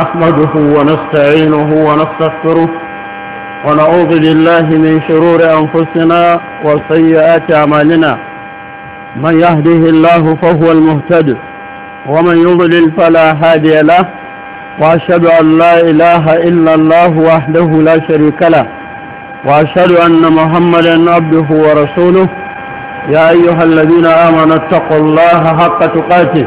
نحمده ونستعينه ونستغفره ونعوذ بالله من شرور أنفسنا وسيئات أعمالنا من يهده الله فهو المهتد ومن يضلل فلا هادي له وأشهد أن لا إله إلا الله وحده لا شريك له وأشهد أن محمدا عبده ورسوله يا أيها الذين آمنوا اتقوا الله حق تقاته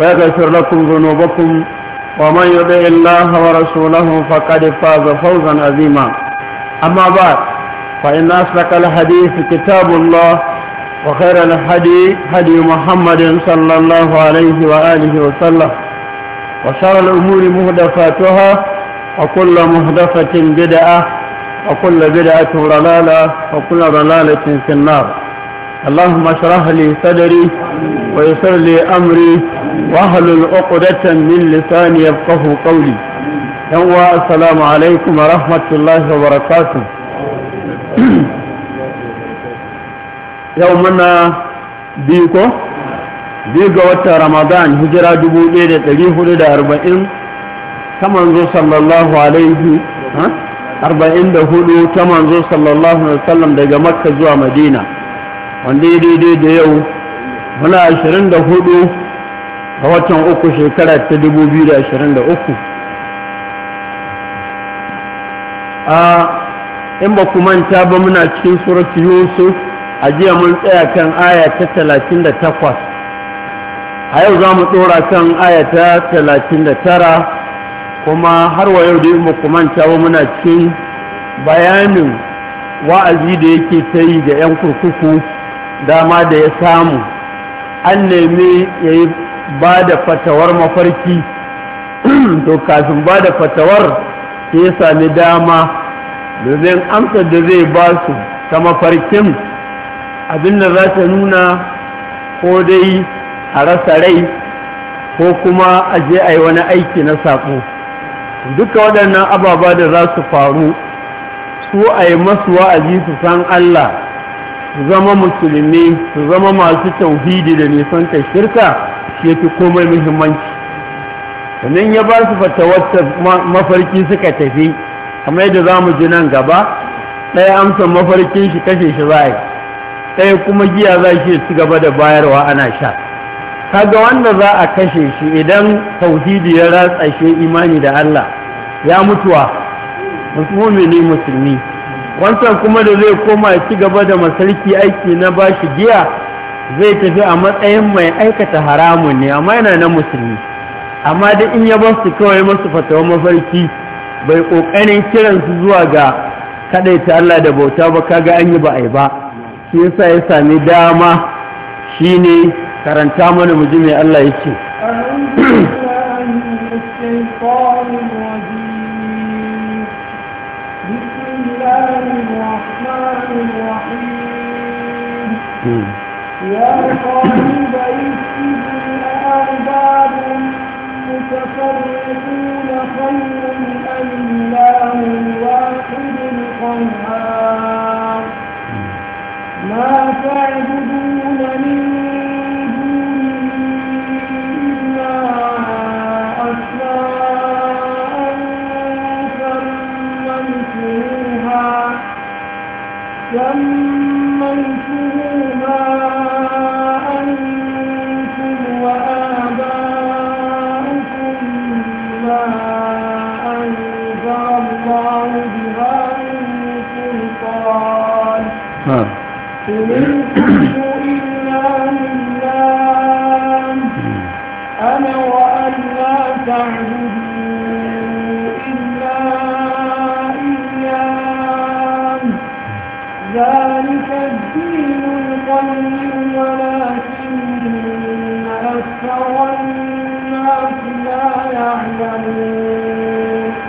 ويغفر لكم ذنوبكم ومن يطع الله ورسوله فقد فاز فوزا عظيما أما بعد فإن أصدق الحديث كتاب الله وخير الحديث هدي محمد صلى الله عليه وآله وسلم وشر الأمور مهدفاتها وكل مهدفة بدعة وكل بدعة ضلالة وكل ضلالة في النار اللهم اشرح لي صدري ويسر لي أمري واحلل عقدة من لساني يفقه قولي يوم السلام عليكم ورحمة الله وبركاته يومنا بيكو biyu ga watan ramadan hijira 1440 ta manzo sallallahu alaihi arba'in da hudu ta manzo sallallahu alaihi wasallam daga makka zuwa madina wanda ya daidai da yau muna ashirin da hudu a watan uku shekara ta dubu biyu da ashirin da uku a in ba ku manta ba muna cikin suratu yusuf a jiya mun tsaya kan aya ta talatin da takwas a yau za mu tsora kan aya ta talatin da tara kuma har wa yau da in ba ku manta ba muna cikin bayanin wa'azi da yake ta yi ga 'yan kurkuku dama da ya samu an nemi ya yi ba da fatawar mafarki to kafin ba da fatawar ya sami dama domin amsa da zai ba su ta mafarkin abin da za ta nuna ko dai a rasa rai ko kuma a je a yi wani aiki na saƙo duka waɗannan ababa da za su faru su a yi masu wa'azi su san Allah su zama musulmi su zama masu tauhidi da ta shirka shi fi komai muhimmanci sannan ya ba su fatawar mafarki suka tafi kamar yadda za mu ji nan gaba ɗaya amsa mafarkin shi kashe shi za a yi ɗaya kuma giya za shi ci gaba da bayarwa ana sha kaga wanda za a kashe shi idan tauhidi ya ratsa shi imani da Allah ya mutuwa musulmi ne musulmi wancan kuma da zai koma ya ci gaba da masarki aiki na bashi giya zai tafi a matsayin mai aikata haramun ne amma yana na musulmi amma da in ya basu kawai masu fatawa mafarki bai kokarin kiransu zuwa ga ta Allah da bauta ba kaga an yi ba ai ba shi yasa ya sami dama shine karanta mana mu ji Allah yake يا صاحب السجن أأرباب متفرقون خير أم الله الواحد القهار ما تعبدون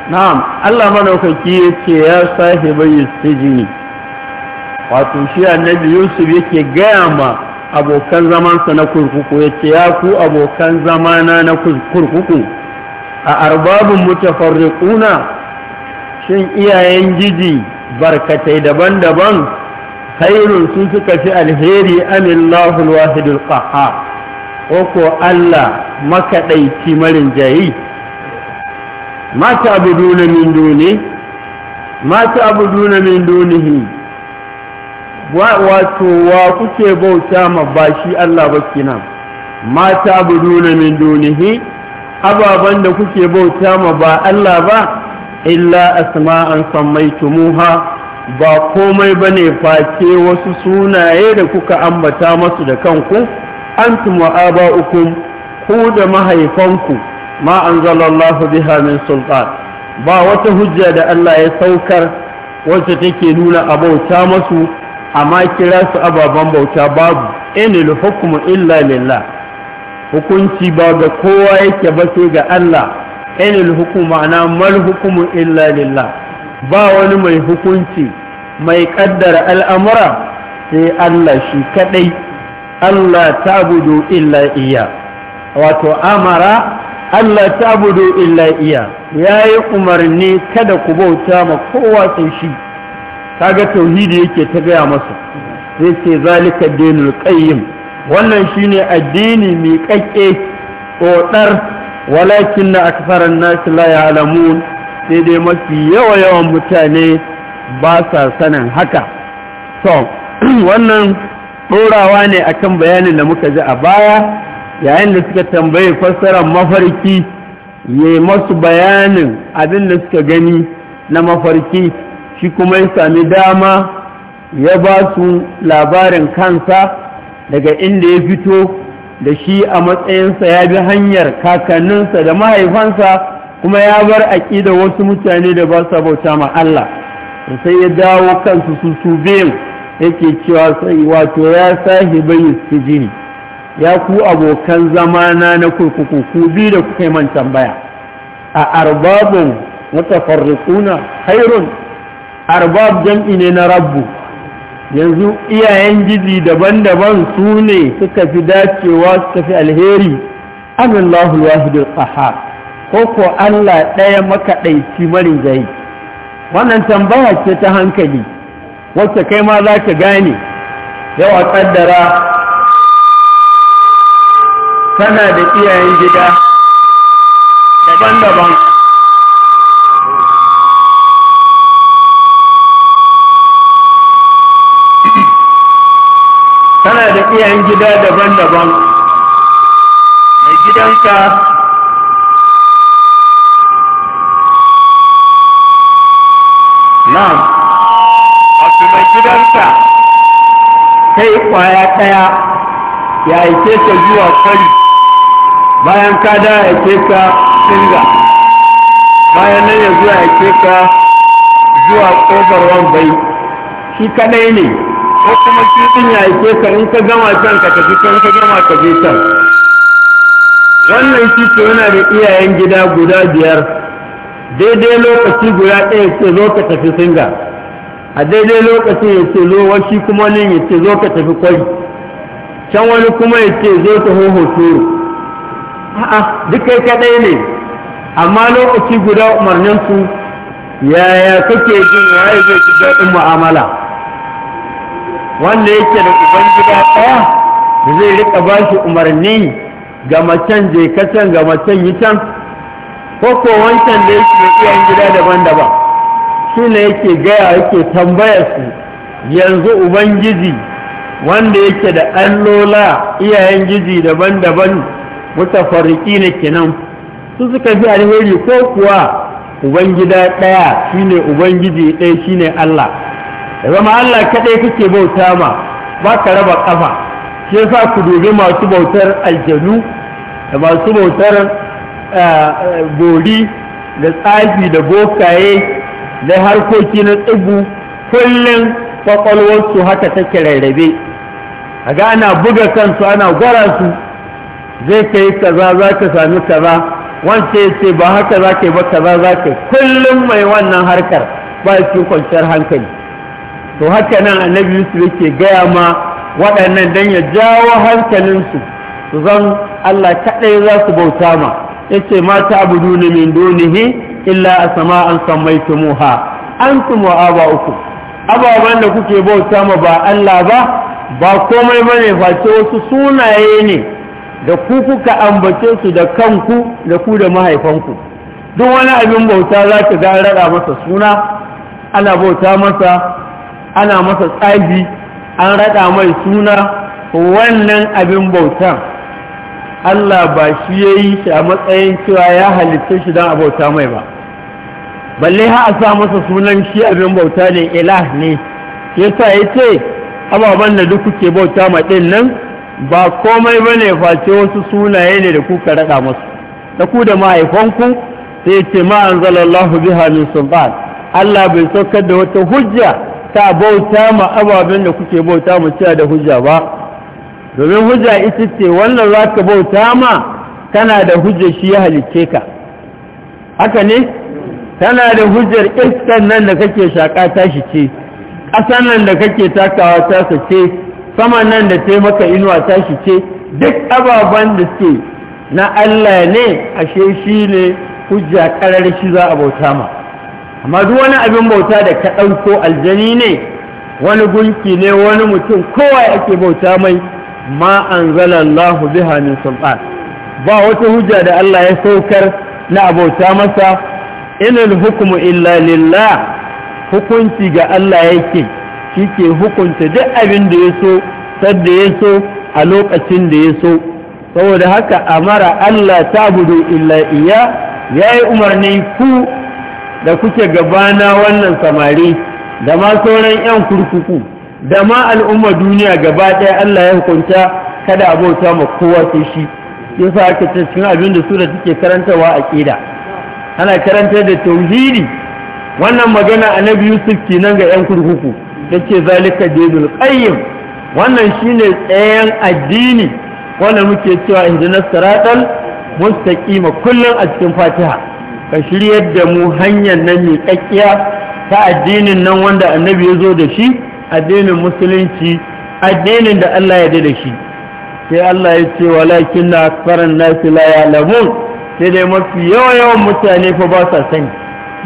na'am Allah madaukaki yake ya sahibai sijini wato shi annabi Yusuf yake gaya ma abokan zamansa na kurkuku yace ya ku abokan zamana na kurkuku a arbabun mutafarriquna shin iyayen giji barkatai daban-daban khairun su suka fi alheri amillahu alwahidul qahhar ko ko Allah makaɗaici marin jayi ما تعبدون من دونه ما wato wa kuke bauta ma ba shi Allah ba kenan ma ta'buduna min dunihi ababan da kuke bauta ma ba Allah ba illa asma'an sammaytumuha ba komai bane face wasu sunaye da kuka ambata masu da kanku antum wa aba'ukum ku da mahaifanku ma anzalallahu biha min sultan ba wata hujja da Allah ya saukar wacce take nuna a abauta masu amma kira su ababen bauta babu inil hukmu illa lillah hukunci ba ga kowa yake ba sai ga Allah inil hukmu ma'ana mal hukmu illa lillah ba wani mai hukunci mai kaddara al'amura sai Allah shi kadai Allah ta illa iya wato amara Allah ta budo illa iya ya yi umarni kada ku bauta ma kowa sun shi ga tauhidi yake ta gaya masa zai ce zalika dinul qayyim wannan shine addini mai kakke kodar walakin na aksaran nasu la ya'lamun sai dai mafi yawa yawan mutane ba sa sanin haka to wannan ɗorawa ne akan bayanin da muka ji a baya yayin da suka tambaye fassarar mafarki ya masu bayanin abin da suka gani na mafarki shi kuma ya sami dama ya ba su labarin kansa daga inda ya fito da shi a matsayinsa ya bi hanyar kakanninsa da mahaifansa kuma ya bar da wasu mutane da ba sa bauta ma Allah sai ya dawo kansu su su biyan yake cewa sai wato ya sahi sahibai su jini ya ku abokan zamana na kurkuku ku bi da ku kai man tambaya a arbabun mutafarriquna khairun arbab jam'i ne na rabbu yanzu iyayen gidi daban-daban su ne suka fi dacewa suka fi alheri amillahu wahidul qahhar ko ko Allah ɗaya makaɗaici marin jayi wannan tambaya ce ta hankali wacce kai ma za ka gane yawa kaddara tana da iyayen gida daban-daban tana da iyayen gida daban-daban mai gidanka na'am wato mai gidansa kai kwaya ɗaya ya aike ta zuwa kwari bayan ka da ya ke ka singa bayan nan ya zuwa ya ke ka zuwa kofar wambai shi kadai ne ko kuma shi din ya ke ka in ka gama can ka tafi can ka gama ka je can wannan shi ke yana da iyayen gida guda biyar daidai lokaci guda ɗaya ce zo ka tafi singa a daidai lokacin ya ce zo wani kuma nan ya ce zo ka tafi kwai can wani kuma ya ce zo ta hoho suru a'a duk kai kaɗai ne amma lokaci guda umarnin su yaya kake jin waye zai ji daɗin mu'amala wanda yake da uban gida ɗaya zai riƙa ba shi umarni ga macen je ka can ga macen yi can ko ko wancan da yake da iyayen gida daban-daban shi ne yake gaya yake tambaya su yanzu ubangiji wanda yake da allola iyayen giji daban-daban mutafarriki ne kenan su suka fi alheri ko kuwa ubangida ɗaya shine ubangiji ɗaya shine Allah da zama Allah kaɗai kake bauta ma ba ka raba ƙafa shi yasa ku dubi masu bautar aljanu da masu bautar eh, eh, bori da tsafi da bokaye da harkoki na tsibu kullum kwakwalwarsu haka take rarrabe a ga ana buga kansu ana gwara su zai ka yi kaza za ka sami kaza wance ya ce ba haka za ka yi ba kaza za ka kullum mai wannan harkar ba cikin kwanciyar hankali to haka nan annabi yusuf yake gaya ma waɗannan don ya jawo hankalinsu su zan allah kaɗai za su bauta ma ya ce mata abu duni min dunihi illa a sama an tumuha. an a aba uku ababen da kuke bauta ma ba allah ba ba komai bane face wasu sunaye ne da ku kuka ambace su da kanku da ku da mahaifanku duk wani abin bauta za ka ga raɗa masa suna ana bauta masa ana masa tsabi, an raɗa mai suna wannan abin bautan Allah ba shi ya yi shi a matsayin cewa ya halitta shi don a bauta mai ba balle ha a sa masa sunan shi abin bauta ne ilah ne yasa ya ce ababen da duk kuke bauta ma ɗin nan ba komai ba ne face wasu sunaye ne da kuka raɗa masu da ku da mahaifanku sai ce ma'an zalallahu biha min Allah bai saukar da wata hujja ta bauta ma ababen da kuke bauta mu cewa da hujja ba domin hujja ita ce wannan za ka bauta ma tana da hujjar shi ya halicce ka haka ne tana da hujjar iskan nan da kake shaƙa tashi ce ƙasan nan da kake takawa ta ce saman nan da taimaka maka inuwa tashi ce duk ababen da suke na Allah ne ashe shi ne hujja karar shi za a bauta ma amma duk wani abin bauta da ka ɗauko aljani ne wani gunki ne wani mutum kowa yake bauta mai ma an Allah biha min sultan ba wata hujja da Allah ya saukar na abauta masa inal hukumu illa lillah hukunci ga Allah yake shi ke hukunta duk abin da ya so sadda ya so a lokacin da ya so saboda haka amara Allah ta budu illa iya ya yi umarni ku da kuke gabana wannan samari da ma sauran 'yan kurkuku da ma al'umma duniya gaba ɗaya Allah ya hukunta kada abota ma kowa sai shi sa aka ce cikin abin da sura take karantawa a ƙida ana karantar da tauhidi wannan magana a annabi Yusuf kenan ga 'yan kurkuku yace zalika dinul qayyim wannan shine tsayen addini wanda muke cewa injinas siratal mustaqima kullun a cikin fatiha ka shiryar da mu hanyar nan mai kakkiya ta addinin nan wanda annabi ya zo da shi addinin musulunci addinin da Allah ya da shi sai Allah ya ce walakin na aksaran nasi la ya'lamun sai dai mafi yawa yawan mutane fa ba sa sani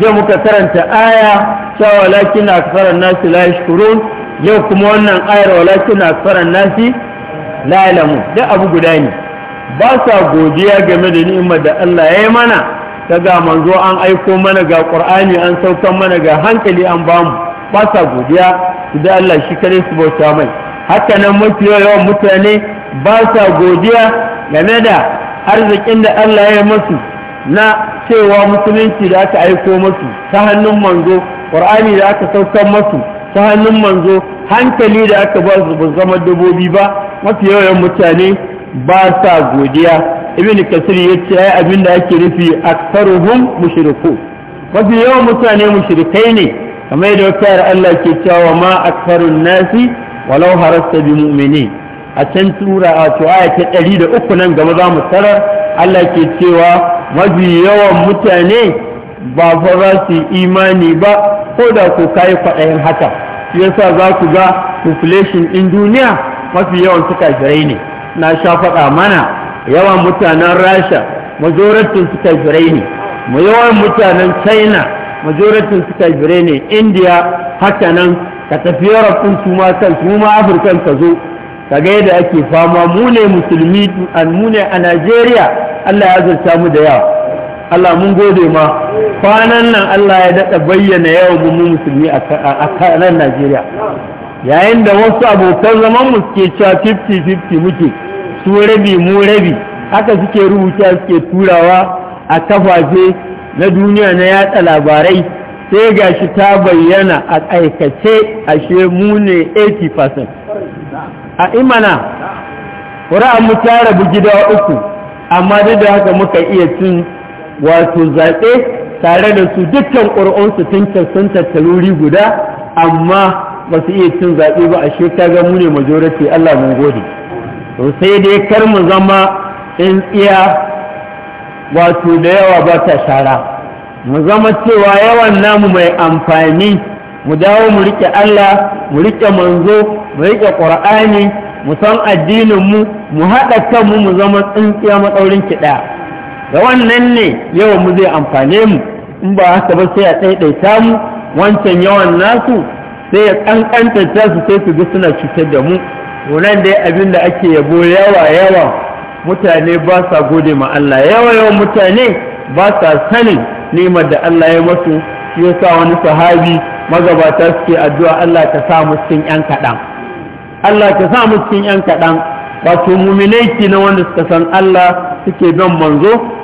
zai muka karanta aya cewa walakin aksaran nasi la yashkurun yau kuma wannan ayar walakin aksaran nasi la yalamu duk abu guda ne ba sa godiya game da ni'imar da Allah ya yi mana ga manzo an aiko mana ga Qur'ani an saukan mana ga hankali an bamu ba sa godiya da Allah shi kare su bauta mai haka nan mafi yawan mutane ba sa godiya game da arzikin da Allah ya yi musu na cewa musulunci da aka aiko masu ta hannun manzo ƙur'ani da aka saukar masu ta hannun manzo hankali da aka ba su zama dabobi ba mafi yawan mutane ba sa godiya ibn kasir ya ce ai abin da ake nufi aksaruhum mushriku mafi yawan mutane mushrikai ne kamar da wata Allah ke cewa ma aksarun nasi walau harasta bi mu'mini a can tura a to aya ta uku nan gaba za mu tarar Allah ke cewa mafi yawan mutane ba fa za su imani ba ko da ku kayi kwaɗayin haka shi yasa za ku ga population ɗin duniya mafi yawan su kafirai ne na sha faɗa mana yawan mutanen rasha majoratin su kafirai ne yawan mutanen china majoratin su kafirai ne india haka nan ka tafi europe ɗin su ma kan su ma afirkan ka zo ka ga yadda ake fama mu ne musulmi mu ne a najeriya allah ya zarta mu da yawa Allah mun gode ma kwanan nan Allah ya daɗa bayyana yawan mu musulmi a kanan Najeriya yayin da wasu abokan zaman mu suke cewa 50-50 muke su rabi mu rabi haka suke rubuta suke turawa a kafafe na duniya na yatsa labarai sai gashi ta bayyana a aikace ashe mu ne 80% a imana ƙura'an mu ta rabu gida uku amma duk da haka muka iya cin wato zaɓe tare da su dukkan ƙuri'unsu tun sun tattaluri guda amma ba su iya cin zaɓe ba a shekaga mu ne majority Allah mun gode sai dai kar mu zama in tsiya wato da yawa ba ta shara mu zama cewa yawan namu mai amfani mu dawo mu riƙe Allah mu riƙe manzo mu riƙe ƙur'ani mu san addinin mu mu haɗa kanmu mu zama tsintsiya maɗaurin kiɗa da wannan ne yawan mu zai amfane mu in ba haka ba sai a ɗaiɗaita mu wancan yawan nasu sai ya ƙanƙanta su sai su ga suna cutar da mu wannan dai abin da ake yabo yawa yawa mutane ba sa gode ma Allah yawa yawan mutane ba sa sanin nimar da Allah ya masu shi yasa wani sahabi magabata suke addu'a Allah ka sa mu cikin yan kaɗan Allah ka sa mu cikin yan kaɗan wato muminai na wanda suka san Allah suke bin manzo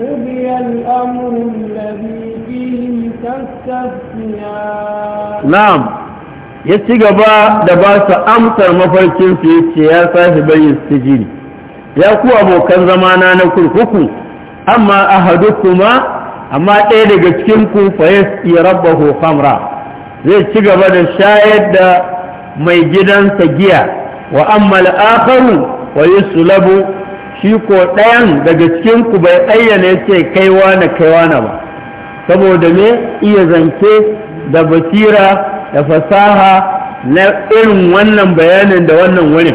قضي الأمر الذي فيه تستفتيان نعم ya ci gaba da ba su amsar mafarkin su yace ya sashi bayin sijini ya ku abokan zamana na kurkuku amma ahadukuma amma ɗaya daga cikin ku fa yasqi rabbahu khamra zai ci gaba da shayar da mai gidansa giya wa amma al-akharu wa yuslabu shi ko ɗayan daga cikin ku bai ayyana ce kaiwa na kaiwa na ba saboda me iya zance da basira da fasaha na irin wannan bayanin da wannan wani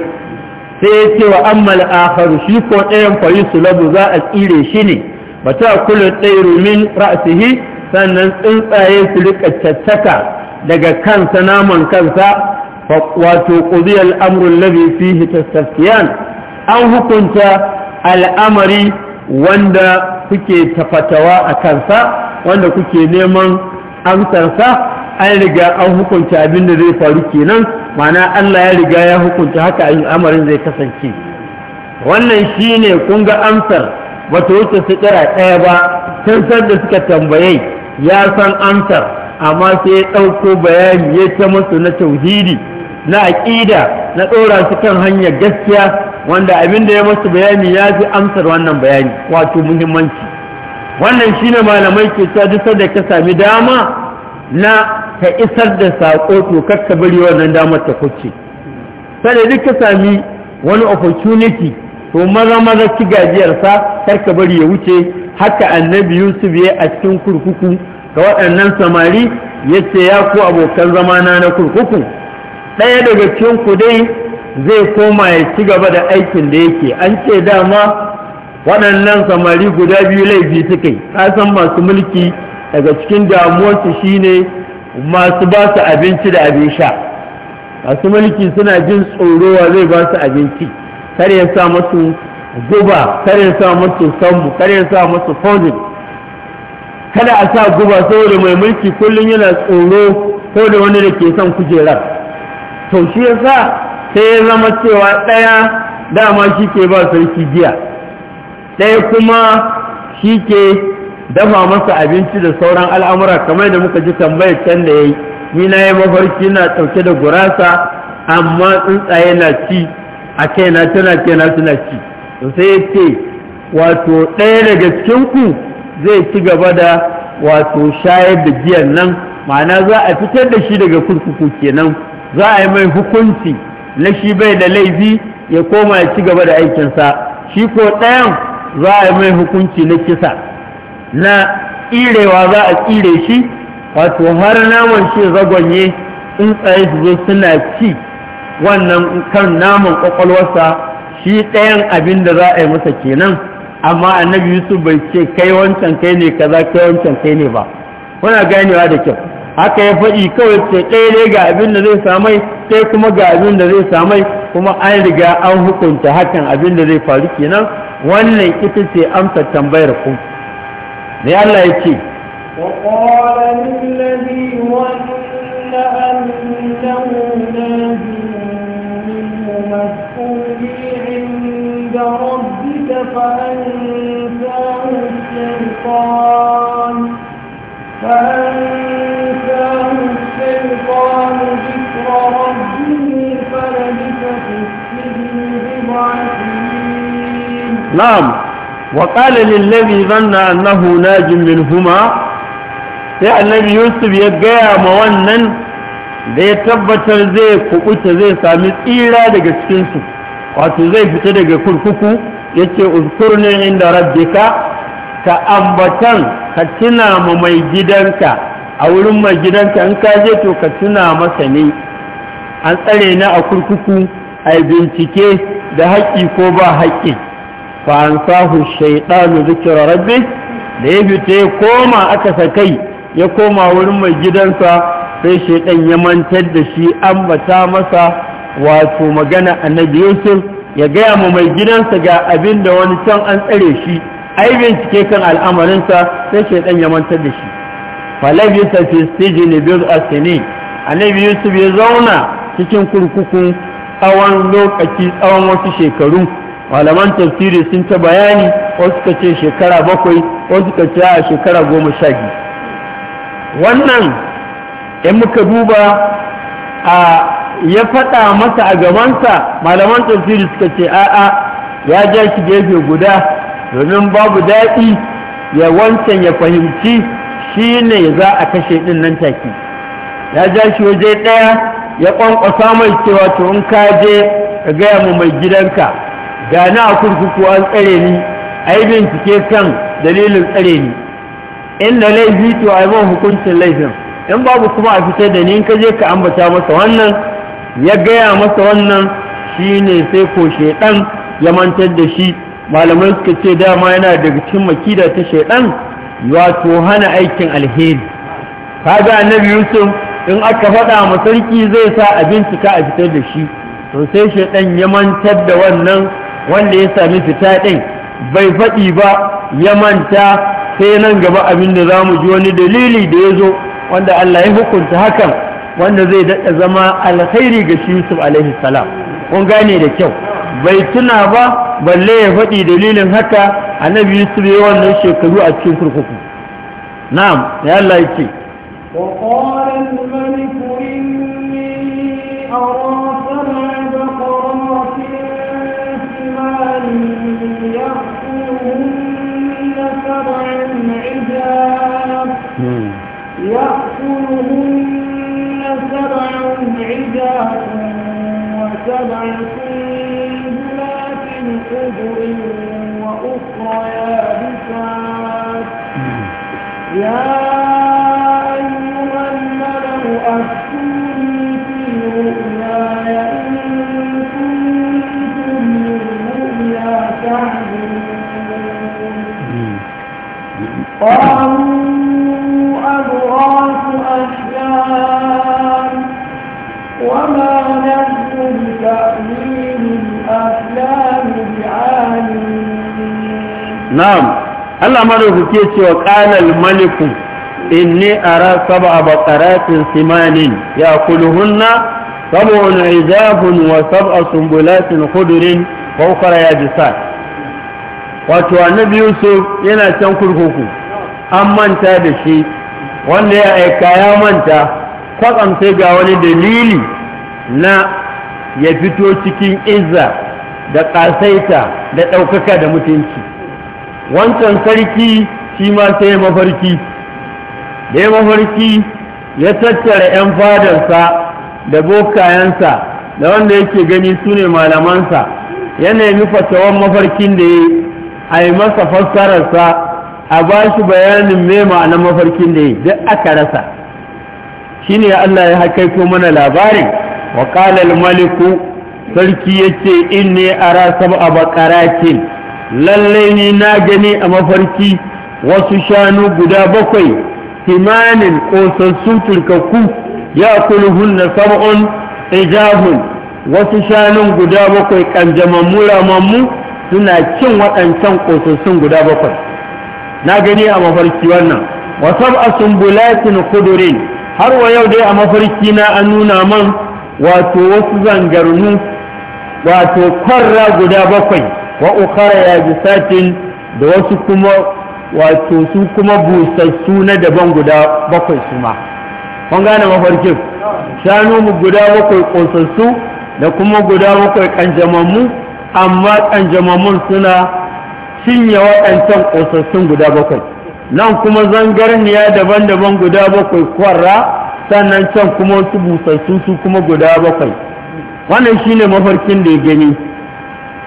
sai ya ce wa ammal akharu shi ko ɗayan fari sulabu za a tsire shi ne ba ta kula ɗairu min ra'asihi sannan tsuntsaye su rika caccaka daga kansa naman kansa wato ƙudiyar amurin labi fihi tattafiyan an hukunta al'amari wanda kuke tafatawa a kansa wanda kuke neman amsarsa an riga an hukunta abin da zai faru kenan mana Allah ya riga ya hukunta haka al'amarin zai kasance wannan shine kun ga amsar bata wuce su kira ɗaya ba tun da suka tambaye ya san amsar amma sai ya ɗauko bayani ya ta musu na tauhidi na aƙida na ɗora su kan hanyar gaskiya wanda abin da ya masu bayani ya fi amsar wannan bayani wato muhimmanci wannan shi ne malamai ke cewa duk da ka sami dama na ka isar da saƙo to kar ka bari wannan damar ta kuce sai duk ka sami wani opportunity to maza maza ci gajiyarsa kar ka bari ya wuce haka annabi yusuf ya a cikin kurkuku ga waɗannan samari ya ce ya ku abokan zamana na kurkuku ɗaya daga cikin ku dai zai koma ya ci gaba da aikin da yake an ce dama waɗannan samari guda biyu laifi suka yi san masu mulki daga cikin damuwarsu shine masu ba su abinci da abin sha masu mulki suna jin tsorowa zai ba su abinci kar ya sa masu guba kar ya sa masu sammu kar ya sa masu fonin kada a sa guba saboda mai mulki kullum yana tsoro ko da wani da ke son kujerar to shi yasa sai ya zama cewa ɗaya dama shi ke ba sarki jiya ɗaya kuma shi ke dafa masa abinci da sauran al'amura kamar da muka ji tambayar can da ya yi ni na yi mafarki na ɗauke da gurasa amma tsuntsaye na ci a kaina tana kaina suna ci to sai ya ce wato ɗaya daga cikinku zai ci gaba da wato shayar da giyan nan ma'ana za a fitar da shi daga kurkuku kenan za a yi mai hukunci na shi bai da laifi ya koma ya ci gaba da aikinsa shi ko ɗayan za a yi mai hukunci na kisa na tsirewa za a tsire shi wato har naman shi zagonye tsaye su zo suna ci wannan kan naman kwakwalwarsa shi ɗayan abin da za a yi masa kenan amma annabi yusuf bai ce kai wancan kai ne kaza kai wancan kai ne ba kuna ganewa da kyau haka ya faɗi kawai ce ɗaya ne ga abin da zai samai sai kuma ga abin da zai samai kuma an riga an hukunta hakan abin da zai faru kenan wannan ita ce amsa tambayar ku me Allah ya ce na'am wa qala lil ladhi dhanna annahu najim minhuma sai annabi yusuf ya gaya ma wannan da ya tabbatar zai kubuta zai sami tsira daga cikinsu wato zai fita daga kurkuku yace ce uzkurnin inda rabbika ka ambatan ka tuna ma mai gidanka a wurin mai gidanka in ka je to ka tuna masa ne an tsare ni a kurkuku ai bincike da haƙƙi ko ba haƙƙi fa an sahu shaytanu zikra rabbi da ya fita ya koma aka sakai ya koma wurin mai gidansa sai shaytan ya mantar da shi an bata masa wato magana annabi Yusuf ya gaya ma mai gidansa ga abin da wani can an tsare shi ai bincike kan al'amarinsa sai shaytan ya mantar da shi falabisa fi sijini bil asinin annabi Yusuf ya zauna cikin kurkukun tsawon lokaci tsawon wasu shekaru malaman tafsiri sun ta bayani wasu ka ce shekara bakwai wasu ka ce a shekara goma sha wannan in muka duba a ya faɗa masa a gabansa malaman tafsiri suka ce a'a ya ja shi gefe guda domin babu daɗi ya wancan ya fahimci shi ne za a kashe ɗin nan take ya ja shi waje ɗaya ya kwankwasa mai cewa to in ka je ka gaya mu mai gidanka ga na a kurkuku an tsare ni a yi bincike kan dalilin tsare ni inda laifi to a yi man hukuncin laifin in babu kuma a fitar da ni in ka je ka ambata masa wannan ya gaya masa wannan shi ne sai ko shaidan ya mantar da shi malamai suka ce dama yana daga cikin makida ta shaidan wato hana aikin alheri kaga annabi yusuf in aka faɗa ma sarki zai sa a bincika a fitar da shi to sai ɗan ya mantar da wannan wanda ya sami fita ɗin bai faɗi ba ya manta sai nan gaba abin da za mu ji wani dalili da ya zo wanda Allah ya hukunta hakan wanda zai daɗa zama alkhairi ga shi Yusuf alaihi salam kun gane da kyau bai tuna ba balle ya faɗi dalilin haka annabi Yusuf ya wannan shekaru a cikin kurkuku na'am ya Allah yake وقال الملك إني أرى سبع بقرات ثمان يأكلهن سبع عجاف يأكلهن سبع عجاف وسبع سنبلات خضر وأخرى يابسات يا قالوا أضغاث أحلام وما نحن بتأويل الأحلام نعم الله ملك كيتي وقال الملك إني أرى سبع بقرات ثمان يأكلهن سبع عذاب وسبع سنبلات خضر وأخرى يابسات wato annabi yusuf yana can kurkuku an manta da shi wanda ya aika ya manta kwatsam sai ga wani dalili na ya fito cikin izza da ƙasaita da ɗaukaka da mutunci wancan sarki shi ma sai mafarki da ya mafarki ya tattara 'yan fadarsa da bokayensa da wanda yake gani su ne malamansa ya nemi fatawan mafarkin da ya yi a yi masa fassararsa a ba shi bayanin me ma'anar mafarkin da yi duk aka rasa shine Allah ya ko mana labarin wa qala al maliku sarki yace inni ara sab'a baqaratin lalle ni na gani a mafarki wasu shanu guda bakwai timanin kosassu turkaku ya kulhun sab'un ijahun wasu shanun guda bakwai kanjamammu ramammu suna cin waɗancan kosassun guda bakwai na gani a mafarki wannan wa sab'a sumbulatin kudurin har wa yau dai a mafarki na an nuna man wato wasu zangarnu wato kwarra guda bakwai wa ji satin da wasu kuma wato su kuma busassu na daban guda bakwai su ma kun gane mafarkin shanu mu guda bakwai kosassu da kuma guda bakwai kanjamammu amma kanjamammun suna cinye waɗancan ƙosassun guda bakwai nan kuma ya daban-daban guda bakwai kwarra sannan can kuma wasu busassu su kuma guda bakwai wannan shine mafarkin da ya gani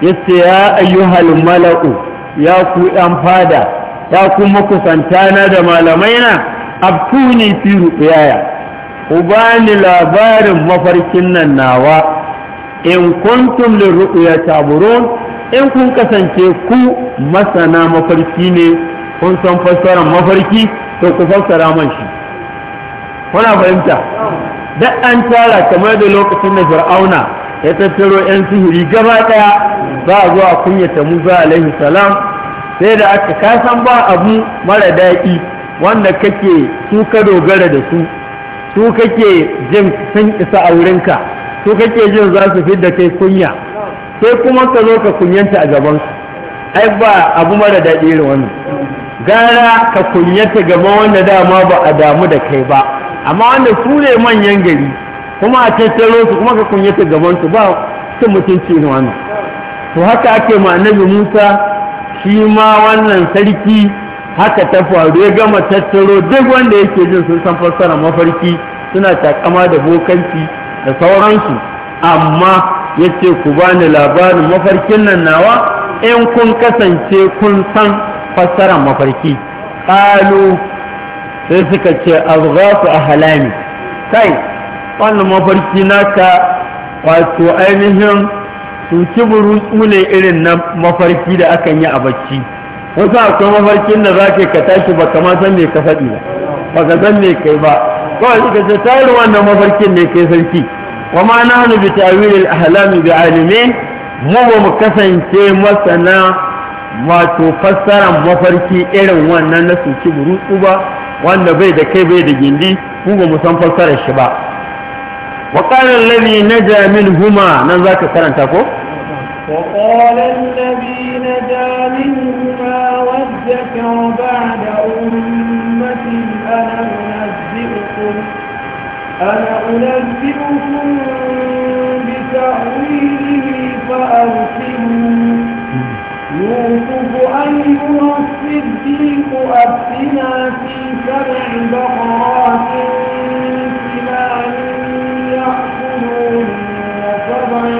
ya ce ya ayyuhal mala'u ya ku ɗan fada ya ku makusanta na da malamai na abtuni fi ruɓiyaya ku bani labarin mafarkin nan nawa in kuntum lirru'ya taburun in kun kasance ku masana mafarki ne kun san fassara mafarki to ku fassara man shi kuna fahimta duk an tara kamar da lokacin da fir'auna ya tattaro 'yan sihiri gaba daya za a zo a kunyata musa alaihi salam sai da aka kasan ba abu mara daɗi wanda kake su ka dogara da su su kake jin sun isa a wurinka su kake jin za su fidda kai kunya sai kuma ka zo ka kunyanta a gaban ai ba abu mara daɗi irin wannan gara ka kunyanta gaban wanda dama ba a damu da kai ba amma wanda su ne manyan gari kuma a tattaro su kuma ka kunyanta gaban su ba cin mutunci irin wannan to haka ake ma annabi Musa shi ma wannan sarki haka ta faru ya gama tattaro duk wanda yake jin sun san fassara mafarki suna takama da bokanci da sauransu amma ya ce ku bani labarin mafarkin nan nawa in kun kasance kun san fassarar mafarki ƙalu sai suka ce a ahlami kai wannan mafarki naka wato ainihin suki burutsu ne irin na mafarki da akan yi a bacci wasu akwai mafarkin da za ka ka tashi ba kama san me ka faɗi ba ba ka san me kai ba kawai suka ce tayar wannan mafarkin ne kai sarki wa ma nahnu bi tawil al-ahlam bi alimin mu ba kasance masana wato fassaran mafarki irin wannan na suci burutsu ba wanda bai da kai bai da gindi mu ba mu san fassarar shi ba wa qala na naja Huma nan zaka karanta ko wa qala allazi naja huma wa أنا أنبئكم بتأويله فأرسلوا يوسف أيها الصديق أفتنا في سبع بقرات سمان يأكلون وسبع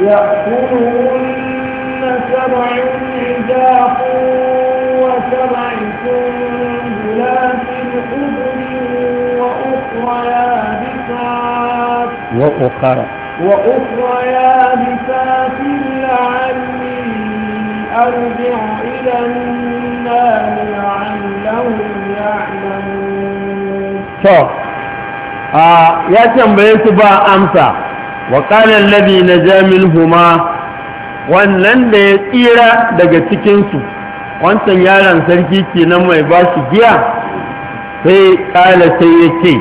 يأكلون سبع عجاف وسبع سنين وأخرى وأخرى يا يابسات لعلي أرجع إلى النار لعلهم يعلمون ya tambaye su ba amsa wa ƙalar labi na jamin huma wannan da ya tsira daga cikinsu wancan yaron sarki ke nan mai ba su giya sai kala sai ya ce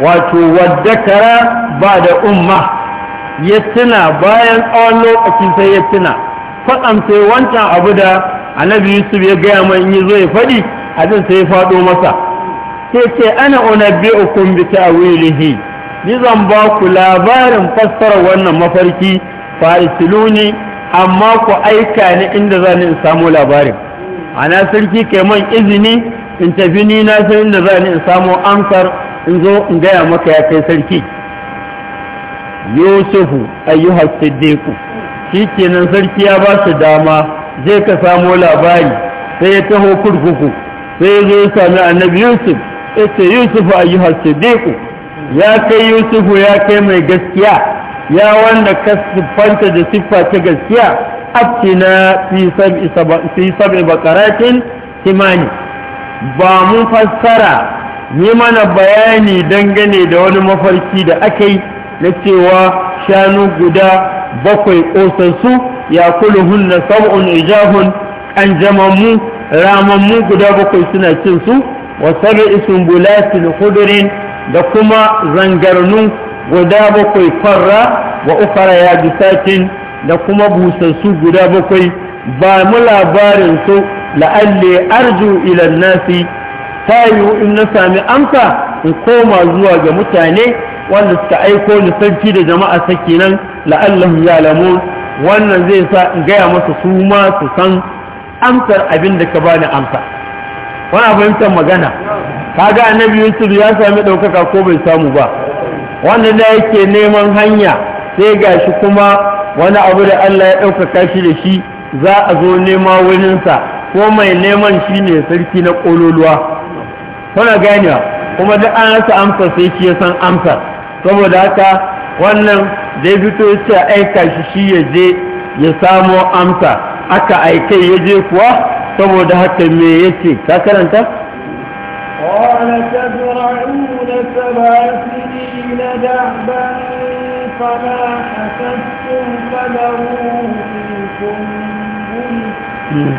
wato waddakara ba da umma ya tuna bayan tsawon lokaci sai ya tuna kwatsam sai wancan abu da annabi yusuf ya gaya mai in zo ya faɗi A jin sai ya faɗo masa sai ce ana unabbi'ukum bi ta'wilihi ni zan ba ku labarin fassarar wannan mafarki farisiluni amma ku aika ni inda za ni in samu labarin ana sarki kai man izini in tafi ni na san inda za in samu amsar in zo in gaya maka ya kai sarki yusufu ayyuhas Shi kenan sarki ya ba su dama zai ka samo labari sai ya taho kurkuku sai ya zo ya sami annabi yusuf ya ce yusufu ayyuhas siddiku ya kai yusufu ya kai mai gaskiya ya wanda ka siffanta da siffa ta gaskiya na fi sab'i bakaratin timani ba mun fassara yi mana bayani dangane da wani mafarki da aka yi na cewa shanu guda bakwai ƙosansu ya kula hunna sab'un ijahun ƙanjamammu ramammu guda bakwai suna cin su wa sab'i sumbulatin hudurin da kuma zangarnu guda bakwai farra wa ukara ya bisatin da kuma busassu guda bakwai ba mu labarin su la'alle arju ilan nasi ta yiwu in na sami amsa in koma zuwa ga mutane wanda suka aiko ni sarki da jama'a sake nan la'allahu ya lamu wannan zai sa in gaya masa su ma su san amsar abin da ka bani amsa wani abincin magana ka kaga annabi yusuf ya sami ɗaukaka ko bai samu ba wanda da yake neman hanya sai ga shi kuma wani abu da Allah ya ɗaukaka shi da shi za a zo nema wurinsa ko mai neman shi ne sarki na ƙololuwa kuna ganewa kuma duk an rasa amsa sai shi ya san amsa saboda haka wannan da ya fito ya ce aika shi shi ya je ya samo amsa aka aika ya je kuwa saboda haka me ya ce ka karanta قال تزرعون سبع سنين دعبا فما حسدتم فذروه في سنبله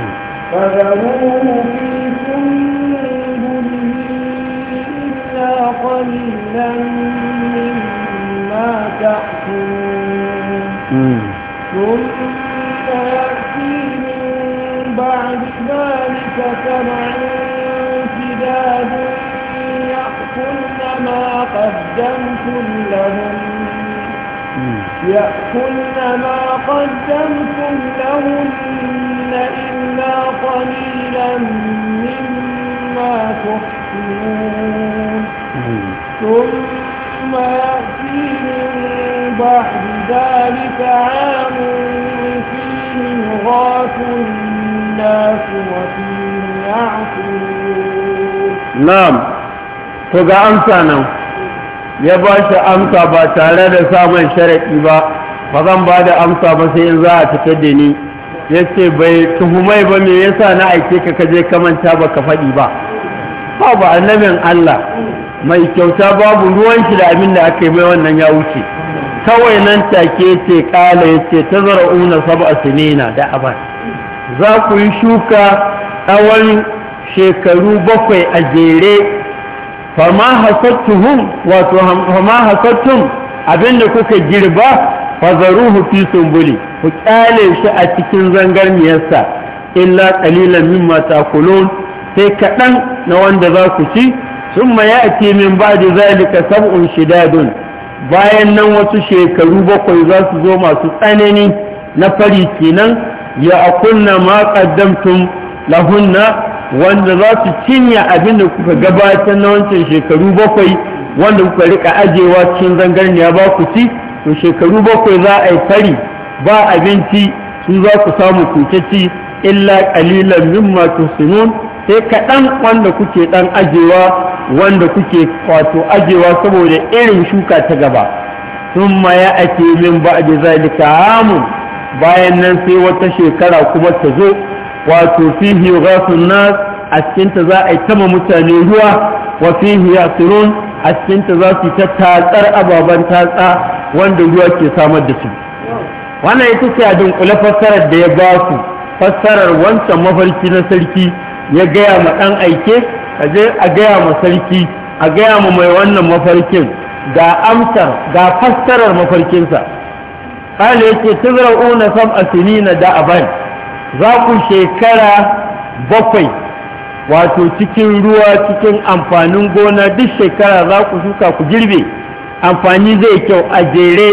فذروه في قليلا مما تأكلون ثم يأتي من بعد ذلك سمع امتداد يأكلن ما قدمتم لهم يأكلن ما قدمتم لهن إلا قليلا مما تحسنون ثم يأتي من بعد ذلك عام فيه يغاث الناس وفيه يعقلون نعم to ga amsa nan ya bashi amsa ba tare da samun sharaɗi ba ba zan ba da amsa ba sai in za a cike da ni ya ce bai tuhumai ba me yasa na aike ka kaje manta ba ka faɗi ba ba ba annabin Allah mai kyauta babu ruwan shi da abin da aka yi mai wannan ya wuce kawai nan take ce kala ya ce ta zara una saba a sinina da abar za ku yi shuka tsawon shekaru bakwai a jere fama hasattuhum wato fama hasattum abin da kuka girba fazaruhu fi sumbuli ku kyale shi a cikin zangarniyarsa illa qalilan mimma takulun sai kaɗan na wanda za ku ci thumma ya'ti min ba'di zalika sab'un don bayan nan wasu shekaru bakwai za su zo masu tsanani na fari kenan ya akunna ma qaddamtum lahunna wanda za su cinye abin da kuka gabatar na wancan shekaru bakwai wanda kuka rika ajewa cikin zangarniya ba ku ci to shekaru bakwai za a yi fari ba abinci su za ku samu kuke ci illa qalilan mimma tusinun sai kaɗan wanda kuke ɗan ajewa wanda kuke wato ajewa saboda irin shuka ta gaba sun ma ya ake min ba a zalika hamun bayan nan sai wata shekara kuma ta zo wato fihi ghasun nas a cikinta za a yi tama mutane ruwa wa fihi yasirun a cikinta za su yi ta tatsar ababen tatsa wanda ruwa ke samar da su wannan ita ce a dunkule fassarar da ya ba su fassarar wancan mafarki na sarki ya gaya ma ɗan aike a je a gaya ma sarki a gaya ma mai wannan mafarkin ga amsar ga fassarar mafarkinsa kala yake sam sab'a sinina da aban za ku shekara bakwai wato cikin ruwa cikin amfanin gona duk shekara za ku shuka ku girbe amfani zai kyau a jere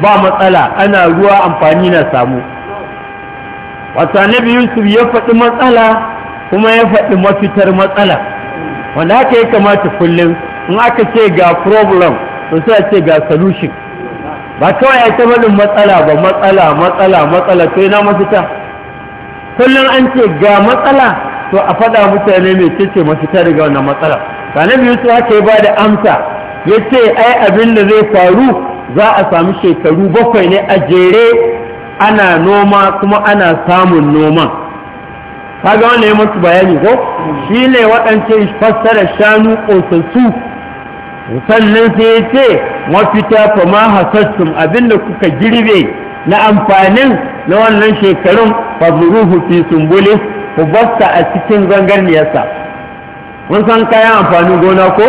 ba matsala ana ruwa amfani na samu wata nabi yusuf ya faɗi matsala kuma ya faɗi mafitar matsala wanda haka ya kamata kullum in aka ce ga problem sun sai ce ga solution ba kawai ya ta faɗin matsala ba matsala matsala matsala to yana mafita kullum an ce ga matsala to a faɗa mutane mai ce mafita daga wannan matsala ta nabi yusuf haka ya ba da amsa ya ce ai abin da zai faru za a sami shekaru bakwai ne a jere ana noma kuma ana samun noma kaga wannan ya masu bayani ko shi ne waɗance fassara shanu ƙosassu sannan sai ya ce mafita fa ma hasassun abinda kuka girbe na amfanin na wannan shekarun fazruhu fi sumbuli ku basta a cikin zangarniyarsa mun san kayan amfanin gona ko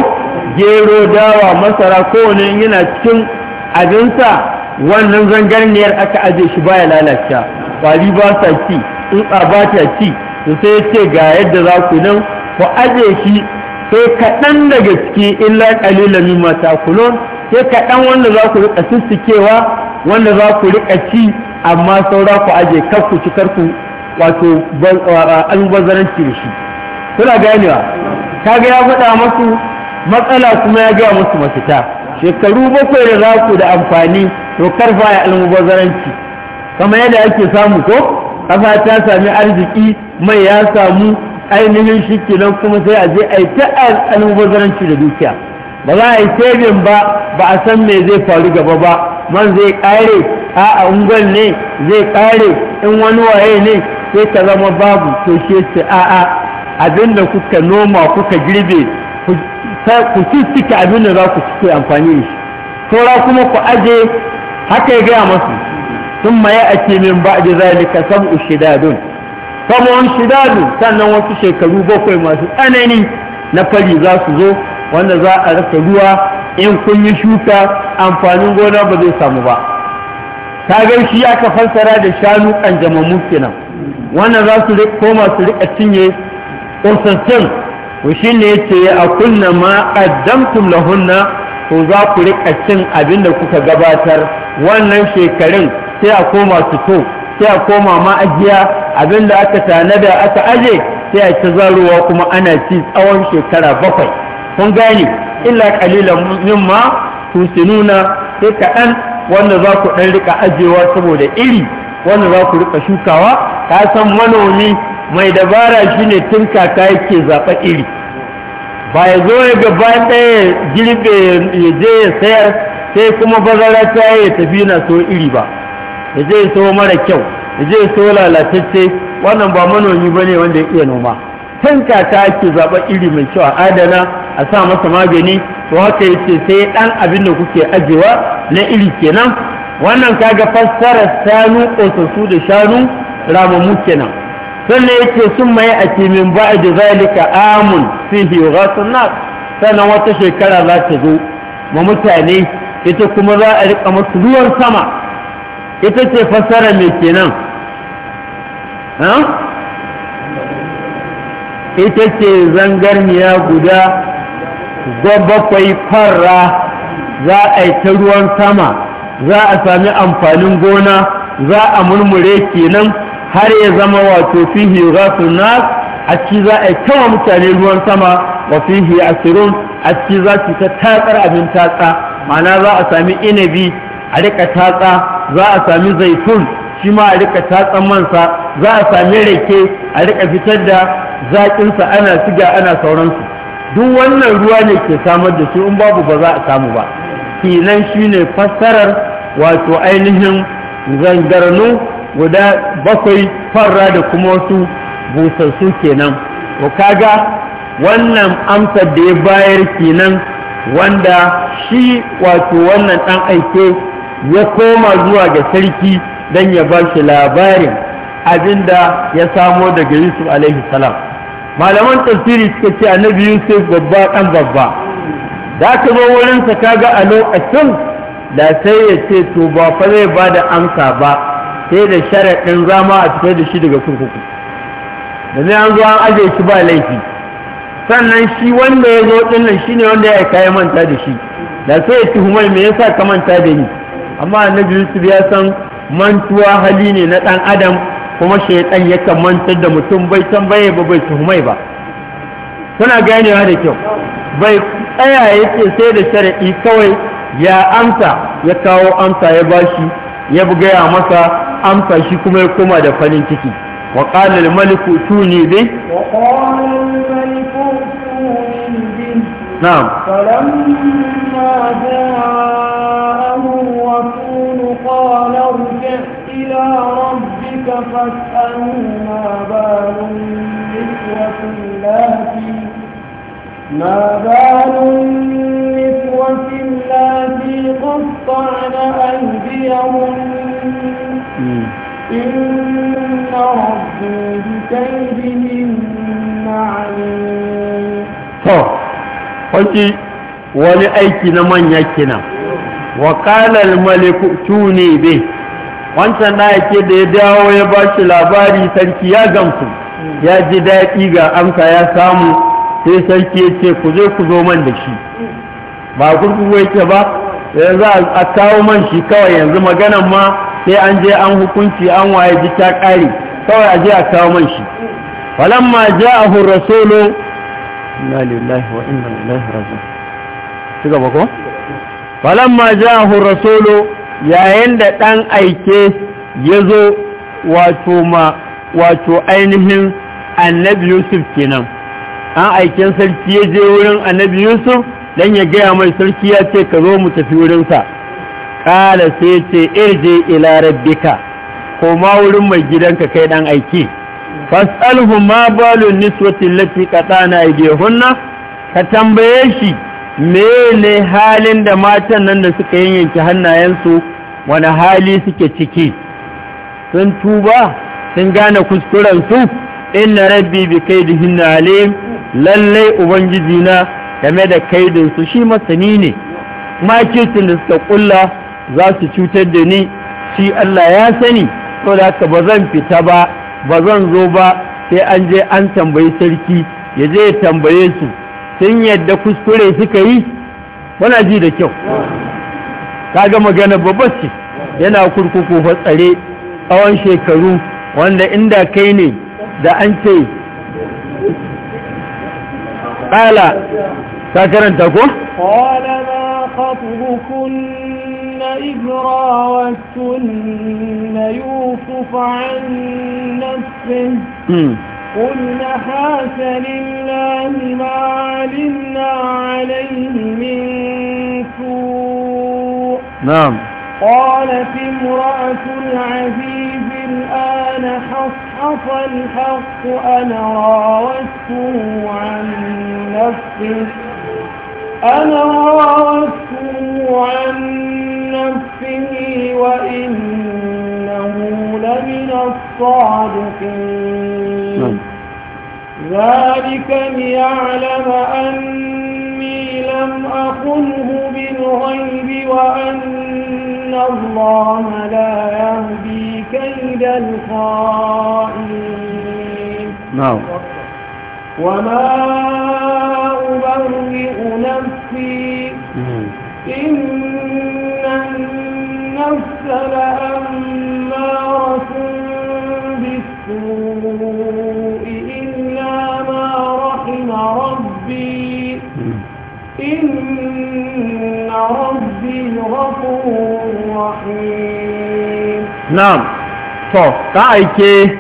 gero dawa masara kowane yana cikin abinsa wannan zangarniyar aka aje shi baya lalata ƙwari ba sa ci in ba ta ci to sai ya ce ga yadda za ku nan ku aje shi sai kaɗan daga ciki illa ƙalilan mimma takulun sai kaɗan wanda za ku riƙa sissikewa wanda za ku riƙa ci amma saura ku aje kar ku ci kar ku wato albazaranci da shi kuna ganewa kaga ya faɗa masu matsala kuma ya gaya musu mafita shekaru bakwai da za ku da amfani to karfa ya almubazaranci kamar yadda ake samu ko kafa ta sami arziki mai ya samu ainihin shi kenan kuma sai a je a yi ta almubazaranci da dukiya ba za a yi tebin ba ba a san me zai faru gaba ba man zai kare a ungon ne zai kare in wani waye ne sai ka zama babu to shi ce a'a abinda kuka noma kuka girbe ku cikin abin da za ku cike amfani da shi Tora kuma ku aje haka ya gaya masu sun maye a min ba da zalika ushidadun shidadun sabon shidadun sannan wasu shekaru bakwai masu tsanani na fari za su zo wanda za a rasa ruwa in kun yi shuka amfanin gona ba zai samu ba ta shi aka fassara da shanu kanjamammu kenan wannan za su koma su rika cinye ƙursancin wushi ne ce a kunna ma qaddamtum lahunna to za ku rika cin abin da kuka gabatar wannan shekarun sai a koma su to sai a koma ma ajiya abin da aka tanada aka aje sai a ci zaruwa kuma ana ci tsawon shekara bakwai kun gane illa qalilan mimma tusinuna sai kaɗan wanda za ku ɗan rika ajewa saboda iri wanda za ku rika shukawa ka san manomi mai dabara shine tun kaka yake zaɓa iri ba ya zo ya gaba ɗaya girbe ya je ya sayar sai kuma bazara ta ya tafi na so iri ba ya je ya so mara kyau ya je ya so lalatacce wannan ba manomi ba ne wanda ya iya noma tun kaka yake zaɓa iri mai kyau a adana a sa masa magani to haka ya ce sai ɗan abin da kuke ajiyewa na iri kenan wannan kaga fassarar shanu ƙosassu da shanu ramamu kenan sannan yake sun maye a kimin ba da zalika amun fihi ghasun sannan wata shekara za ta zo ma mutane ita kuma za a riƙa musu ruwan sama ita ce fassara mai kenan ita ce zangarniya guda bakwai fara za a yi ta ruwan sama za a sami amfanin gona za a murmure kenan har ya zama wato fihi su nas a ci za a kama mutane ruwan sama wa fihi asirun a ci za su ta tatsar abin tatsa ma'ana za a sami inabi a rika tatsa za a sami zaitun shi ma a rika tatsan mansa za a sami rake a rika fitar da zaƙinsa ana siga ana sauransu duk wannan ruwa ne ke samar da shi in babu ba za a samu ba kinan shine fassarar wato ainihin zangarnu guda bakwai fara da kuma wasu busassu kenan ko kaga wannan amsar da ya bayar kenan wanda shi wato wannan ɗan aike ya koma zuwa ga sarki dan ya ba shi labarin abinda ya samo daga yusuf alaihi salam malaman tafsiri suka ce annabi yusuf babba kan babba da ka zo wurin wurinsa kaga a lokacin da sai ya ce to ba fa zai ba da amsa ba sai da sharaɗin zama a fitar da shi daga kurkuku da ne an zo an aje shi ba laifi sannan shi wanda ya zo ɗinnan shi ne wanda ya kayan manta da shi da sai ya tuhumar me yasa ka manta da ni amma annabi su ya san mantuwa hali ne na ɗan adam kuma shaitan yakan mantar da mutum bai tambaye ba bai tuhumai ba kuna ganewa da kyau bai tsaya yake sai da sharaɗi kawai ya amsa ya kawo amsa ya bashi ya gaya masa amsa shi kuma ya koma da farin ciki wa qala al-malik tuni bi wa qala al-malik tuni bi na'am falamma ja'ahu rasul qala irji' ila rabbika fas'alhu ma balun niswatin ما بال النسوة التي قطعن أيديهن إن ربي wani aiki na manya kenan wa qala maliku tuni bi wancan da yake da ya dawo ya ba shi labari sarki ya gamsu ya ji daɗi ga amsa ya samu sai sarki ya ce ku zo ku zo man da shi ba kurkuku yake ba yanzu a kawo man shi kawai yanzu maganan ma sai an je an hukunci an waye ji ta ƙari kawai a je a kawo man shi walamma ja'ahu rasulu inna lillahi wa inna ilaihi raji'un walamma ja'ahu rasulu yayin da dan aike yazo wato ma wato ainihin annabi yusuf kenan an aiken sarki ya je wurin annabi yusuf dan ya gaya mai sarki ya ce ka zo mu tafi wurinsa ƙala sai ce irje ila rabbika koma wurin mai gidanka kai ɗan aiki fas'alhu ma balun niswati lati qatana aydihunna ka tambaye shi me ne halin da matan nan da suka yanke hannayensu wani hali suke ciki sun tuba sun gane kuskuren su inna rabbi bi kaidihin alim lalle ubangiji na game da kaidin su shi masani ne makitin da suka kulla za su cutar da ni shi Allah ya sani to da haka ba zan fita ba ba zan zo ba sai an je an tambayi sarki ya je ya tambaye su sun yadda kuskure suka yi muna ji da kyau kaga magana babbar ce yana kurkuku tsare tsawon shekaru wanda inda kai ne da an ce ƙala ta karanta ko? na إذ راوتن يوسف عن نفسه قلنا حاس لله ما علمنا عليه من سوء نعم قالت امرأة العزيز الآن حصحص الحق أنا راوته عن نفسه أنا راوته عن نفسه وإنه لمن الصادقين نعم. ذلك ليعلم أني لم أقله بالغيب وأن الله لا يهدي كيد الخائنين نعم وما أبرئ نفسي نعم. النفس لأمارة بالسوء إلا ما رحم ربي إن ربي غفور رحيم نعم to ka aike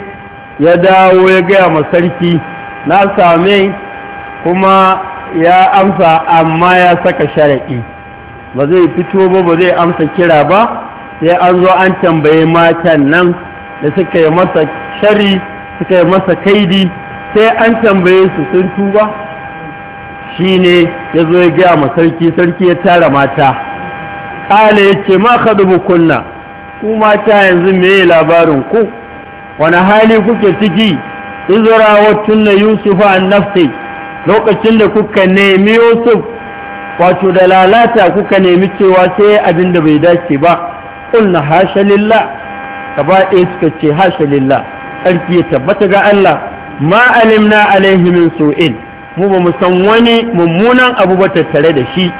ya dawo ya gaya ma sarki na same kuma ya amsa amma ya saka shari'i ba zai fito ba ba zai amsa kira ba sai an zo an tambaye matan nan da suka yi masa shari suka yi masa kaidi sai an tambaye su sun tuba shi ne ya zo ya gaya ma sarki sarki ya tara mata ƙala ya ce ma ka dubu kunna ku mata yanzu me labarin ku wani hali kuke ciki izura wa tunna yusufa an nafsi lokacin da kuka nemi yusuf wato da lalata kuka nemi cewa sai abin da bai dace ba ƙulna hasha lillah gaba ɗaya suka ce hasha lillah ƙarfi ya tabbata ga Allah ma alimna alaihi min su'in mu ba mu san wani mummunan abu ba tattare da shi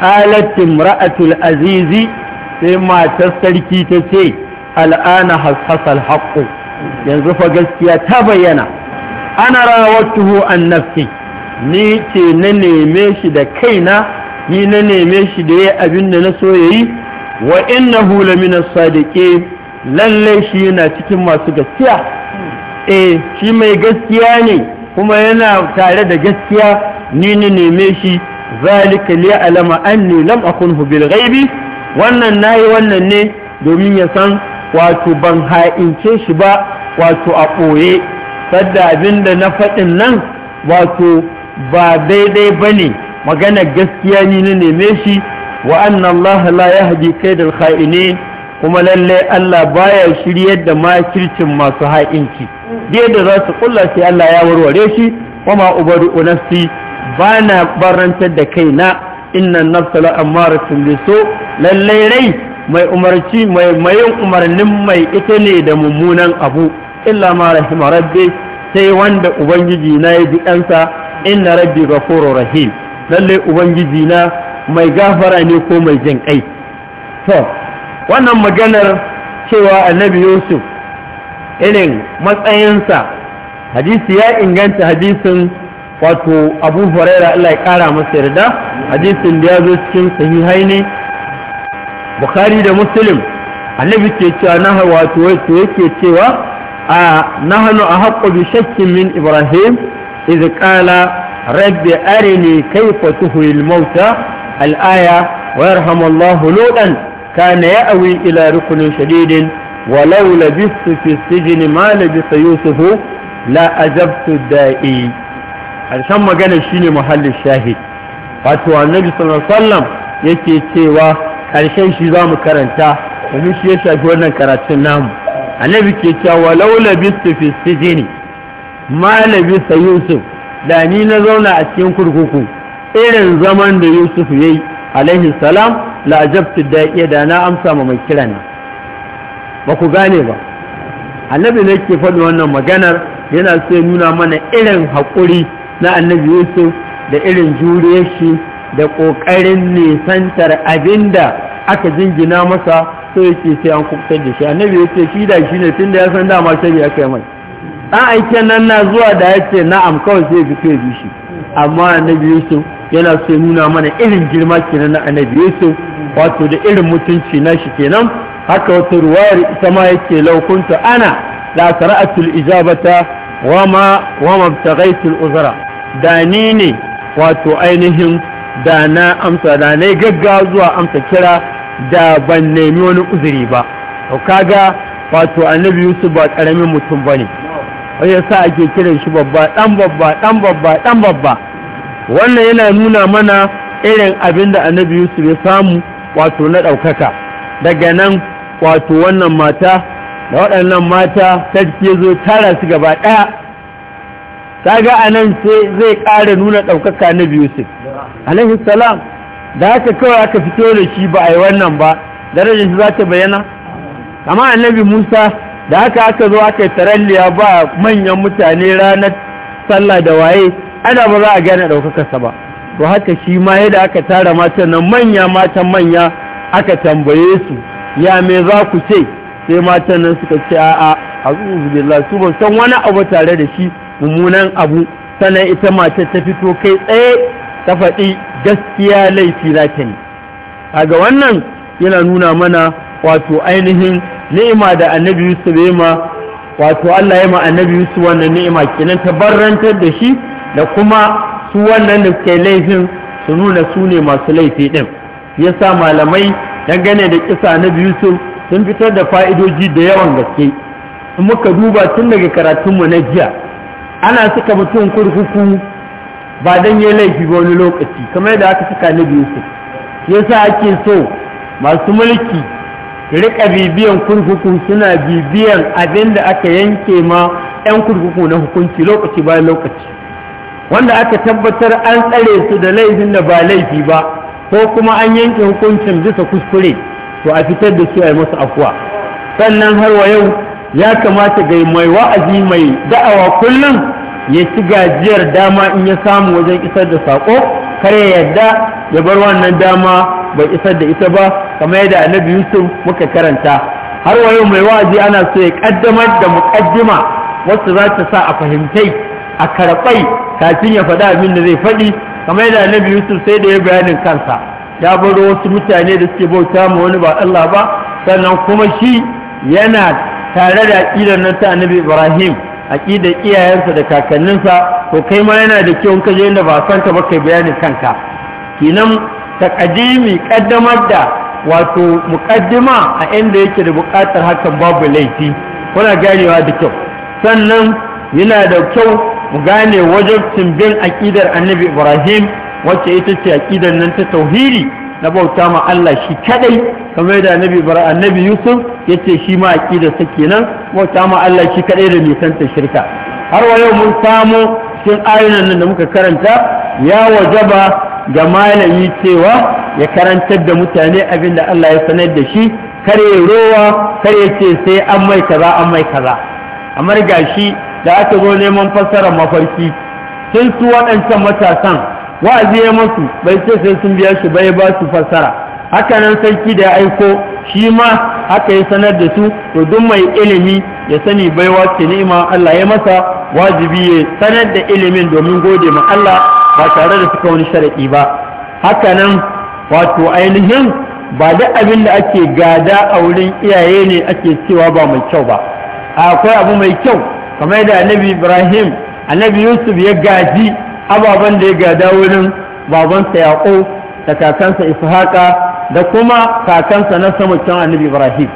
alatin ra'atul azizi sai matar sarki ta ce al'ana hasasal haƙƙo yanzu fa gaskiya ta bayyana ana tuhu an nafsi ni ke na neme shi da kaina ni na neme shi da ya abin da na so yayi wa innahu mina sadiqin lallai shi yana cikin masu gaskiya eh shi mai gaskiya ne kuma yana tare da gaskiya ni na neme shi zalika li alama anni lam akunhu bil ghaibi wannan nayi wannan ne domin ya san wato ban ha'ince shi ba wato a ɓoye sadda abin da na faɗin nan wato ba daidai ba ne magana gaskiya ni na neme shi wa annan Allah la ya haɗi kai da kuma lallai Allah baya shiryar da makircin masu ha'inci dai da za su kulla sai Allah ya warware shi kuma ubaru nafsi ba na barantar da kaina innan nafsa la amaratun biso lallai rai mai umarci mai mayin umarnin mai ita ne da mummunan abu illa ma rahima rabbi sai wanda ubangiji na yi bi ɗansa inna rabbi ghafurur rahim lalle ubangiji na mai gafara ne ko mai jin kai to wannan maganar cewa annabi yusuf irin matsayinsa hadisi ya inganta hadisin wato abu huraira Allah ya kara masa yarda hadisin da ya zo cikin sahihaini bukhari da muslim annabi ke cewa na wato yake cewa a nahanu a haƙƙo bi shakkin min ibrahim إذ قال رب أرني كيف تهوي الموتى الآية ويرحم الله لوطا كان يأوي إلى ركن شديد ولو لبثت في السجن ما لبث يوسف لا أجبت الدائي harshen magana shine muhallin shahid wato annabi sallallahu alaihi wasallam yake cewa karshen shi zamu karanta domin shi ya shafi wannan karatun namu annabi ke cewa laula bistu fi sijini malabi sa yusuf da ni na zauna a cikin kurkuku irin zaman da yusuf ya yi alaihi salam la'ajabtu da iya da na amsa ma mai kira ne. ba ku gane ba annabi ne ke faɗi wannan maganar yana so nuna mana irin haƙuri na annabi yusuf da irin juriyar shi da ƙoƙarin nisantar abinda aka jingina masa so yake sai an kuɓtar da shi annabi ya ce shi da shi ne tun da ya san dama shari'a kai mai ɗan aiken nan na zuwa da ya ce na'am kawai zai fi sai amma shi amma annabi yusuf yana sai nuna mana irin girma kenan na annabi yusuf wato da irin mutunci na shi kenan haka wata ruwayar ita ma yake laukunta ana la qara'atul ijabata wa ma wama btaghaytul uzra da ni ne wato ainihin da na amsa da na gaggawa zuwa amsa kira da ban nemi wani uzuri ba to kaga wato annabi yusuf ba karamin mutum bane wai ya sa ake kiran shi babba ɗan babba ɗan babba ɗan babba wannan yana nuna mana irin abin da annabi yusuf ya samu wato na ɗaukaka daga nan wato wannan mata da waɗannan mata ta ya zo tara su gaba ɗaya ta ga a nan sai zai ƙara nuna ɗaukaka na yusuf alaihi salam da haka kawai aka fito da shi ba a yi wannan ba darajar shi za ta bayyana kama annabi musa da haka aka zo aka taralliya ba manyan mutane ranar sallah da waye ana ba za a gane ɗaukakarsa ba to haka shi ma yadda aka tara matan nan manya matan manya aka tambaye su ya me za ku ce sai matan nan suka ce a'a a billahi su ban san wani abu tare da shi mummunan abu sannan ita matar ta fito kai tsaye ta faɗi gaskiya laifi za ta ne kaga wannan yana nuna mana wato ainihin ni'ima da annabi yusuf ya ma wato Allah ya ma annabi yusuf wannan ni'ima kenan tabarrantar da shi da kuma su wannan da ke laifin su nuna su ne masu laifi din yasa malamai dangane da kisa annabi yusuf sun fitar da fa'idoji da yawan gaske in muka duba tun daga karatun mu na jiya ana suka mutum kurkuku ba don ya laifi ba wani lokaci kamar yadda aka saka annabi biyu yasa ake so masu mulki rika bibiyan kurkuku suna bibiyan abin da aka yanke ma 'yan kurkuku na hukunci lokaci bayan lokaci wanda aka tabbatar an tsare su da laifin da ba laifi ba ko kuma an yanke hukuncin bisa kuskure to a fitar da shi a yi masu afuwa sannan har wa yau ya kamata ga mai wa'azi mai da'awa kullum ya ci gajiyar dama in ya samu wajen isar da saƙo kar ya yadda ya bar wannan dama bai isar da ita ba kamar yadda annabi yusuf muka karanta har wayo mai wa'azi ana so ya kaddamar da muqaddima wasu za ta sa a fahimtai a karɓai kafin ya faɗa abin da zai faɗi kamar yadda annabi yusuf sai da ya bayanin kansa ya baro wasu mutane da suke bauta ma wani ba Allah ba sannan kuma shi yana tare da aƙidar nan ta annabi ibrahim aqida iyayensa da kakanninsa to kai ma yana da kyau ka je inda ba san ka ba kai bayanin kanka kinan taqdimi qaddamar da wato muqaddima a inda yake da buƙatar hakan babu laifi kuna ganewa da kyau sannan yana da kyau mu gane wajen bin aƙidar annabi Ibrahim wacce ita ce aƙidar nan ta tauhidi na bauta ma Allah shi kadai kamar da annabi bara annabi Yusuf yace shi ma aqida sa kenan bauta ma Allah shi kadai da nisan ta shirka har wa yau mun samu cikin ayoyin nan da muka karanta ya wajaba ga malami cewa ya karantar da mutane abin da Allah ya sanar da shi kare rowa kare ce sai an mai kaza an mai kaza amma gashi da aka zo neman fassara mafarki sun su waɗancan matasan wa'azi ya masu bai ce sai sun biya shi bai ba su fassara haka nan sarki da aiko shi ma haka ya sanar da su to duk mai ilimi ya sani baiwa ce ni'ima Allah ya masa wajibi ya sanar da ilimin domin gode ma Allah ba tare da suka wani sharadi ba haka nan wato ainihin ba da abin da ake gada a wurin iyaye ne ake cewa ba mai kyau ba akwai abu mai kyau kamar da annabi Ibrahim annabi Yusuf ya gaji ababen da ya gada wurin babansa yaƙo da kakansa ishaqa da kuma kakansa na sama can annabi ibrahim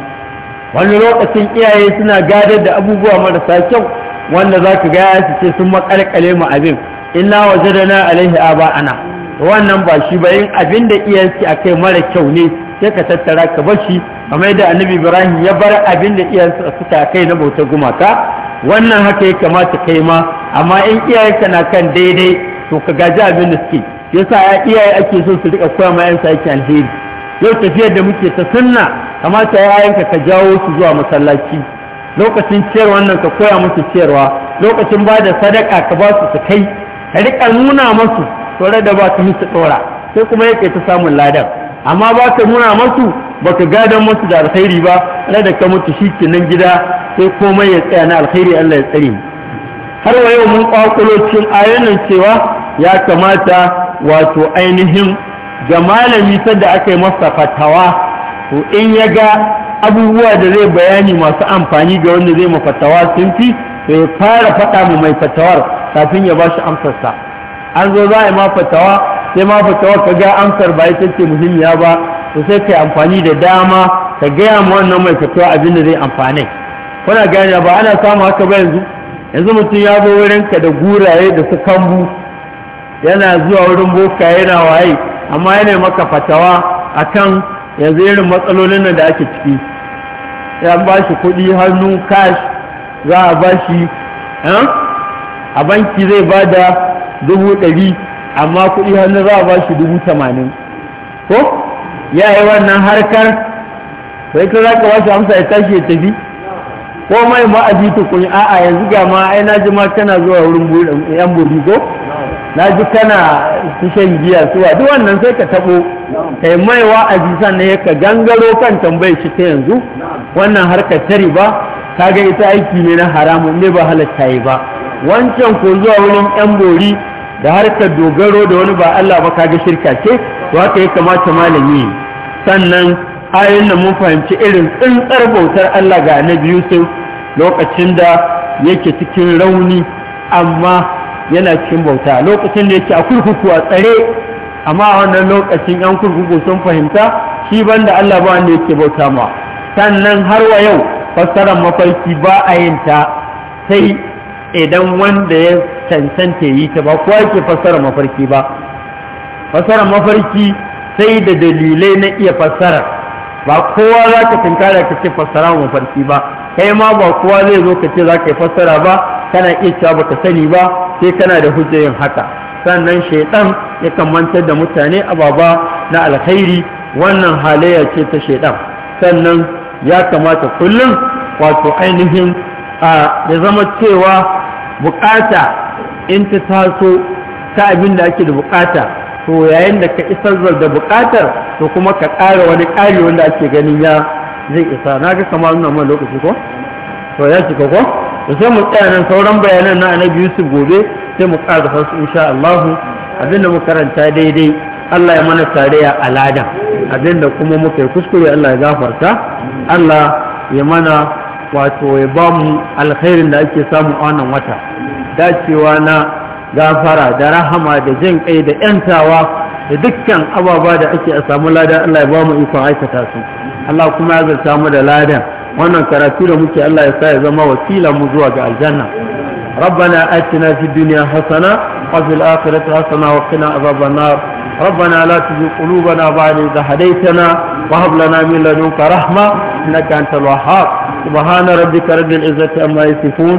wani lokacin iyaye suna gadar da abubuwa marasa kyau wanda za ka gaya su ce sun makalkale mu abin inna wajadana alaihi aba ana wannan ba shi ba yin abin da iyayensu akai mara kyau ne sai ka tattara ka bar shi mai da annabi ibrahim ya bar abin da iyayensa suka kai na bautar gumaka wannan haka ya kamata kai ma amma in iyayenka na kan daidai to ka gaji abin da suke yasa iyaye ake so su rika koya ma yansa yake alheri yau tafiyar da muke ta sunna kamata yayanka ka jawo su zuwa masallaci lokacin ciyar wannan ka koya musu ciyarwa lokacin ba da sadaka ka ba su su kai ka rika nuna masu tore da ba su musu ɗora sai kuma yake ta samun ladan amma ba ka nuna masu ba ka gadon masu da alkhairi ba na da ka mutu shi nan gida sai komai ya tsaya na alkhairi Allah ya tsare mu har wa yau mun kwakulo cikin ayoyin cewa ya kamata wato ainihin ga malami sanda aka yi masa fatawa to in ya ga abubuwa da zai bayani masu amfani ga wanda zai mafatawa sun fi to ya fara faɗa mu mai fatawar kafin ya ba shi amsarsa an zo za a yi ma fatawa sai ma fatawar ka ga amsar ba ita ce muhimmiya ba to sai kai amfani da dama ka gaya ma wannan mai fatawa abin da zai amfane kuna gane ba ana samu haka ba yanzu yanzu mutum ya zo wurin ka da guraye da su kambu yana zuwa wurin boka yana waye amma yana maka fatawa akan yanzu irin matsalolin da ake ciki ya ba shi kuɗi hannu cash za a ba shi eh? a banki zai ba da dubu ɗari amma kuɗi hannu za a ba shi dubu tamanin ko ya yi wannan harkar sai ka za ka ba shi amsa ya tashi ya tafi ko mai ma a jita kun a'a yanzu ga ma ai na ji ma kana zuwa wurin yan bobi ko na ji kana su giya suwa duk wannan sai ka taɓo kai mai wa'azi sannan ya ka gangaro kan tambayar shi ta yanzu wannan harkar ta riba kaga ita aiki ne na haramun ne ba halatta yi ba wancan ko zuwa wurin yan bori da har harkar dogaro da wani ba Allah ba kage shirka ce to haka ya kamata malami sannan ayoyin da mun fahimci irin tsintsar bautar Allah ga Annabi Yusuf lokacin da yake cikin rauni amma yana cikin bauta lokacin da yake a kurkuku a tsare amma a wannan lokacin yan kurkuku sun fahimta shi banda Allah ba wanda yake bauta ma sannan har wa yau fassarar mafarki ba a yin ta sai idan wanda ya cancanta yi ta ba kowa yake fassara mafarki ba fassara mafarki sai da dalilai na iya fassara ba kowa za ka tunkara ka ce fassara mafarki ba kai ma ba kowa zai zo ka ce za ka yi fassara ba kana iya cewa ba ka sani ba sai kana da hujjar yin haka sannan shaidan ya kamantar da mutane ababa na alkhairi wannan halayya ce ta shaidan sannan ya kamata kullum wato ainihin ya zama cewa bukata in ta taso ta abin da ake da bukata to yayin da ka isar da bukatar to kuma ka ƙara wani ƙari wanda ake ganin ya zai isa na ga kamar nuna man lokaci ko to ya cika ko to sai mu tsaya nan sauran bayanan na annabi yusuf gobe sai mu ƙara da insha Allah abin da mu karanta daidai Allah ya mana tarayya a ladan abin da kuma muka kuskure Allah ya gafarta Allah ya mana wato ya ba mu alkhairin da ake samu a wannan wata dacewa na gafara da rahama da jin kai da yantawa da dukkan ababa da ake a samu lada Allah ya ba mu ikon aikata su Allah kuma ya zarta mu da ladan wannan karatu da muke Allah ya sa ya zama wasila mu zuwa ga aljanna ربنا آتنا في الدنيا حسنة وفي الآخرة حسنة وقنا عذاب النار ربنا لا تزغ قلوبنا بعد إذ هديتنا وهب لنا من لدنك رحمة إنك أنت الوهاب سبحان ربك رب العزة عما يصفون